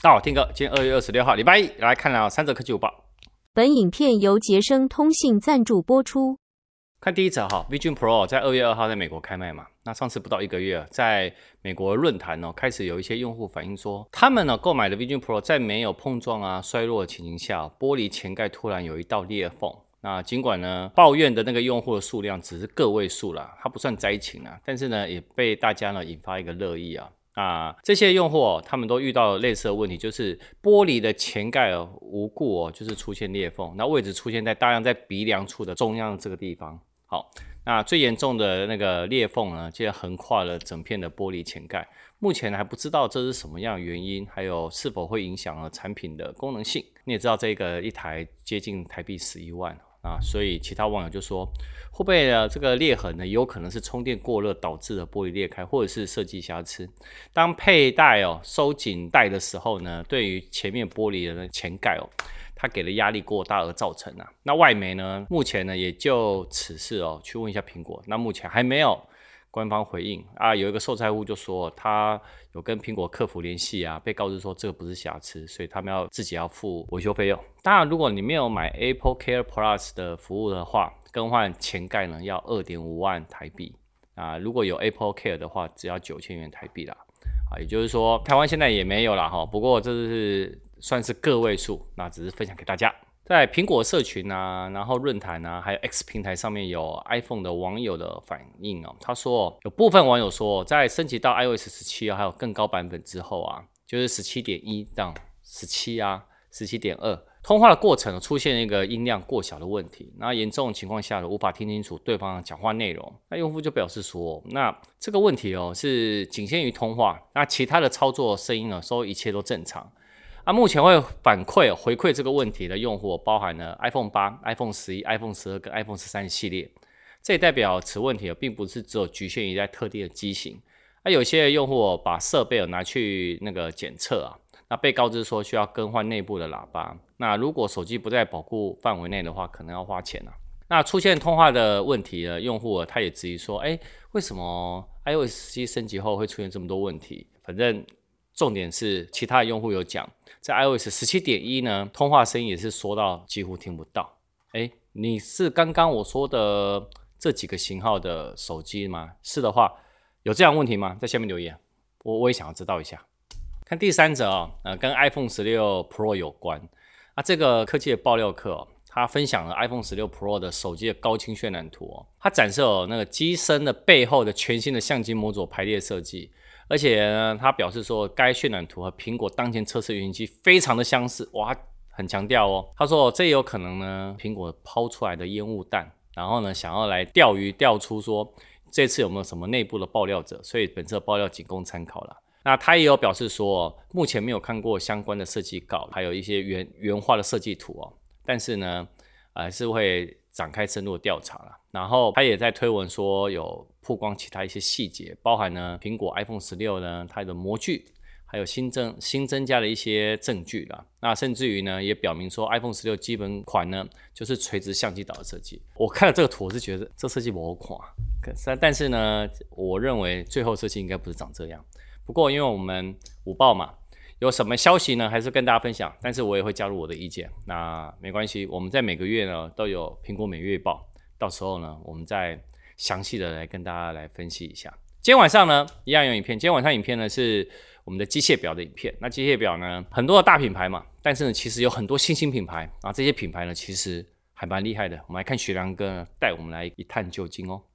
大家好，Tim 哥，今天二月二十六號，禮拜一，來，來看了三則科技午報。本影片由傑昇通信贊助播出。看第一則哈，Vision Pro 在二月二號在美國開賣嘛，那上次不到一個月，在美國論壇呢、哦，開始有一些用戶反映說，他們呢購買的 Vision Pro 在沒有碰撞啊、摔落的情形下，玻璃前蓋突然有一道裂縫。那儘管呢，抱怨的那個用戶的數量只是個位數啦，它不算災情啊，但是呢，也被大家呢引發一個熱議啊。啊，這些用戶，哦，他們都遇到類似的問題，就是玻璃的前蓋，哦，無故哦，就是出現裂縫。那位置出現在大量在鼻梁處的中央這個地方。好，那最嚴重的那個裂縫呢，竟然橫跨了整片的玻璃前蓋。目前還不知道這是什麼樣的原因，還有是否會影響了產品的功能性。你也知道這個一台接近台幣十一萬。啊，所以其他網友就說，後背的這個裂痕呢，有可能是充電過熱導致的玻璃裂開，或者是設計瑕疵。當佩戴，哦、喔、收緊帶的時候呢，對於前面玻璃的前蓋哦、喔，它給的壓力過大而造成啊。那外媒呢，目前呢也就此事哦、喔、去問一下蘋果，那目前還沒有官方回應啊，有一個受災戶就說他有跟蘋果客服聯繫啊，被告知說這個不是瑕疵，所以他們要自己要付維修費用。當然，如果你沒有買 Apple Care Plus 的服務的話，更換前蓋呢要二點五萬台幣啊，如果有 Apple Care 的話，只要九千元台幣啦。啊，也就是說，台灣現在也沒有了哈，不過這是算是個位數，那只是分享給大家。在蘋果社群啊，然後論壇啊，還有 X 平台上面有 iPhone 的網友的反應哦。他說，有部分網友說，在升級到 iOS 十七啊，還有更高版本之後啊，就是十七點一到十七啊，十七點二通話的過程出現一個音量過小的問題，那嚴重的情況下無法聽清楚對方的講話內容。那用戶就表示說，那這個問題哦是僅限於通話，那其他的操作聲音呢，說一切都正常。那、啊、目前會反饋回饋這個問題的用戶包含了 iPhone 八、iPhone 十一、iPhone 十二跟 iPhone 十三系列，這也代表此問題並不是只有局限於在特定的機型。那、啊、有些用戶把設備拿去那個檢測啊，那被告知說需要更換內部的喇叭。那如果手機不在保護範圍內的話，可能要花錢啊。那出現通話的問題的用戶，他也質疑說，哎，為什麼 iOS 十七升級後會出現這麼多問題？反正。重點是，其他用戶有講，在 iOS 十七點一呢，通話聲音也是說到幾乎聽不到。誒、欸，你是剛剛我說的這幾個型號的手機嗎？是的話，有這樣問題嗎？在下面留言，我我也想要知道一下。看第三則啊、哦，呃，跟 iPhone 十六 Pro 有關。啊，這個科技的爆料客、哦，他分享了 iPhone 十六 Pro 的手機的高清渲染圖、哦，他展示了那個機身的背後的全新的相機模組排列設計。而且呢，他表示說，該渲染圖和蘋果當前測試原型機非常的相似，哇，很強調哦。他說這也有可能呢，蘋果拋出來的煙霧彈，然後呢，想要來釣魚釣出說這次有沒有什麼內部的爆料者，所以本次的爆料僅供參考了。那他也有表示說，目前沒有看過相關的設計稿，還有一些原原畫的設計圖哦，但是呢，還是會。展開深入的調查了，然後他也在推文說有曝光其他一些細節，包含呢蘋果 iPhone 十六呢它的模具，還有新增新增加的一些證據了，那甚至於呢也表明說 iPhone 十六基本款呢就是垂直相機島的設計。我看了這個圖，我是覺得這設計不好看，可是但是呢我認為最後設計應該不是長這樣，不過因為我們午報嘛。有什麼消息呢？還是跟大家分享？但是我也會加入我的意見。那沒關係，我們在每個月呢都有蘋果每月報，到時候呢我們再詳細的來跟大家來分析一下。今天晚上呢一樣有影片，今天晚上影片呢是我們的機械表的影片。那機械錶呢很多的大品牌嘛，但是呢其實有很多新興品牌啊，這些品牌呢其實還蠻厲害的。我們來看徐良哥呢，帶我們來一探究竟哦、喔。